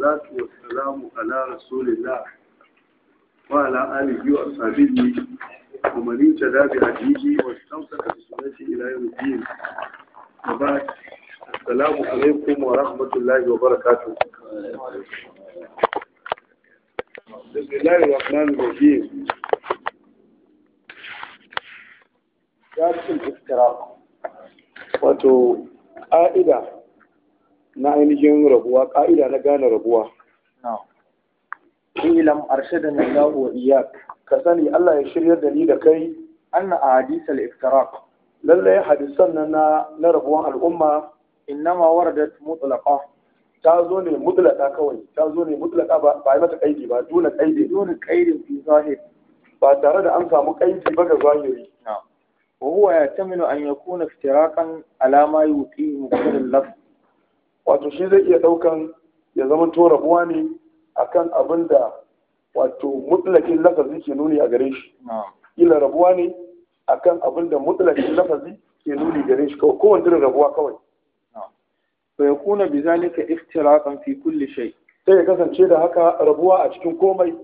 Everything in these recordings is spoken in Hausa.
salatu wa salamu ala rasulillah wa ala alihi wa sahbihi wa man yata bi hadihi wa istamsaka bi sunnati ila yawm din wa ba'd assalamu alaikum wa rahmatullahi wa barakatuh بسم الله الرحمن الرحيم ذات الافتراق Wato ƙa'ida. na ainihin rabuwa ƙa'ida na gane rabuwa ilam da na lahu wa iyak ka sani Allah ya shiryar da ni da kai anna ahadith al-iftiraq ya hadisan nan na na rabuwan al'umma innama waradat mutlaqa ta zo ne mutlaqa kawai ta zo ne mutlaqa ba ba mata kaidi ba dole kaidi dole kaidi fi zahir ba tare da an samu kaidi ba ga zahiri wa huwa yatamilu an yakuna iftiraqan ala ma yuqimu qadar al-lafz wato shi zai iya ɗaukan ya zama to rabuwa ne akan abin da wato mutlakin lafazi ke nuni a gare shi ila rabuwa ne akan abin da mutlakin lafazi ke nuni gare shi kawai kowane irin rabuwa kawai fa yakuna bizalika ikhtilafan fi kulli shay sai ya kasance da haka rabuwa a cikin komai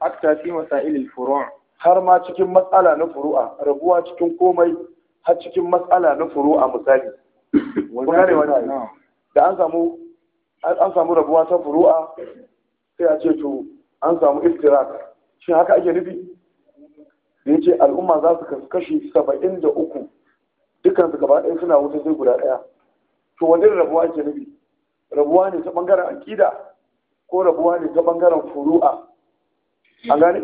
akta fi masail al-furu' har ma cikin matsala na furu'a rabuwa cikin komai har cikin matsala na furu'a misali wannan ne wannan da an samu an samu rabuwa ta furu'a sai a ce to an samu iftirak shi haka ake nufi da ya ce al'umma za su kasu kashi saba'in da uku dukkan su gaba ɗaya suna wuta sai guda ɗaya to wani rabuwa ake nufi rabuwa ne ta ɓangaren aƙida ko rabuwa ne ta ɓangaren furu'a an gane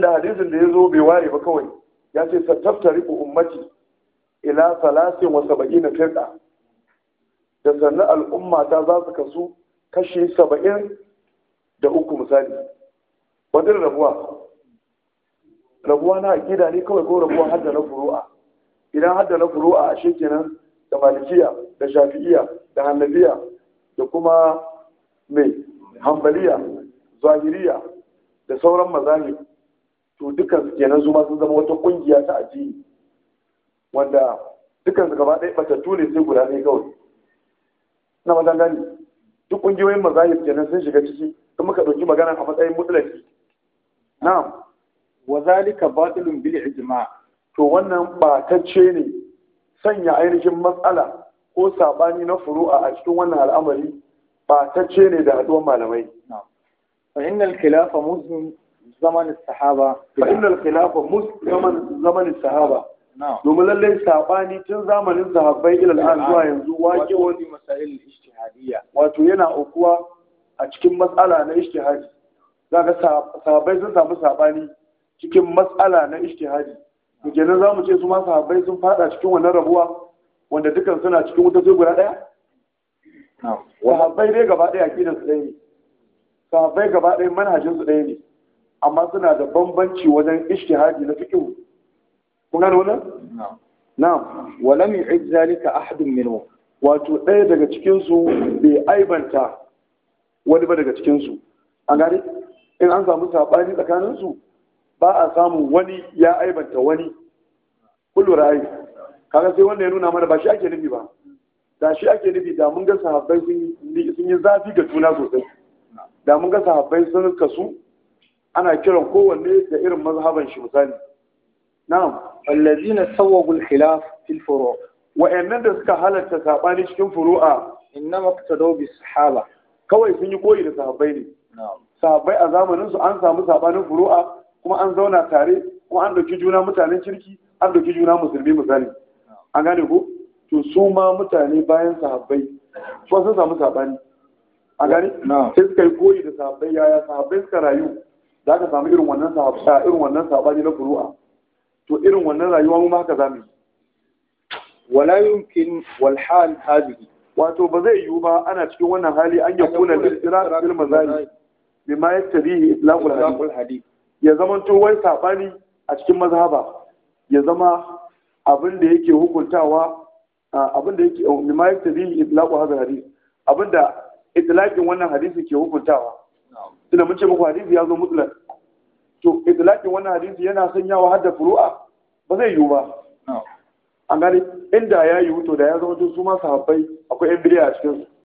da hadisin da ya zo bai ware ba kawai ya ce tattari ummati ila salasin wa saba'in na firɗa da sannan al'umma ta za su kasu kashi saba'in da uku misali wadda rabuwa rabuwa na akida ne kawai ko rabuwa hadda na furu'a idan hadda na furu'a a kenan da malikiya da shafi'iya da hannabiya da kuma mai hambaliya zahiriya da sauran mazahib to dukkan su kenan su sun zama wata kungiya ta addini wanda dukkan su gaba ɗaya batattu ne sai guda ne kawai na wajen gani duk ƙungiyoyin mazahib kenan sun shiga ciki sun muka ɗauki magana a matsayin mutlaki na'am wa zalika batilun bil ijma to wannan batacce ne sanya ainihin matsala ko sabani na furu'a a cikin wannan al'amari batacce ne da haduwar malamai fa innal khilafa muzmin zaman sahaba fa innal khilafa muzmin zaman sahaba domin lallai sabani tun zamanin sahabbai ila al'an zuwa yanzu wake wani kuwa a cikin matsala na ishtihadi za ga sahabbai sun samu sabani cikin matsala na ishtihadi to kenan za mu ce su ma sahabbai sun fada cikin wannan rabuwa wanda dukan suna cikin wuta sai guda daya sahabbai dai gaba daya kidan su ɗaya ne sahabbai gaba daya manhajin su ɗaya ne amma suna da bambanci wajen ishtihadi na fiqh kun gano wannan na'am wa lam yu'id zalika ahadun minhum wato ɗaya daga cikin su bai aibanta wani ba daga cikinsu a gane in an samu saɓani tsakaninsu ba a samun wani ya aibanta wani kullu ra'ayi kaga sai wanda ya nuna mana ba shi ake nufi ba da shi ake nufi da mun ga sahabbai sun yi zafi ga juna sosai da mun ga sahabbai sun kasu ana kiran kowanne da irin mazhaban shi misali na'am allazina sawwagu al-khilaf fil furu' wa'annan da suka halarta sabani cikin furu'a innama qtadaw bis sahaba kawai sun yi koyi da sahabbai ne sahabbai a zamanin su an samu sabanin furu'a kuma an zauna tare kuma an dauki juna mutanen kirki an dauki juna musulmi misali an gane ko to su ma mutane bayan sahabbai su sun samu sabani a gane sai suka yi koyi da sahabbai yaya sahabbai suka rayu za ka samu irin wannan sahabba irin wannan sabani na furu'a to irin wannan rayuwa mu ma haka zamu yi wala yumkin wal hal hadhihi wato ba zai yiwu ba ana cikin wannan hali an yakuna lil-istiraq fil mazahib bima yattabihi itlaqul hadi ya zama to wai sabani a cikin mazhaba ya zama abin da yake hukuntawa abin da yake bima yattabihi itlaqu hadha hadith abin da itlaqin wannan hadisi ke hukuntawa tunda mun ce muku hadisi ya zo mutlaq to itlaqin wannan hadisi yana sanyawa hadda furu'a ba zai yiwu ba an gani inda ya yi wuto da ya zama su ma sahabbai akwai yan bidiya a cikinsu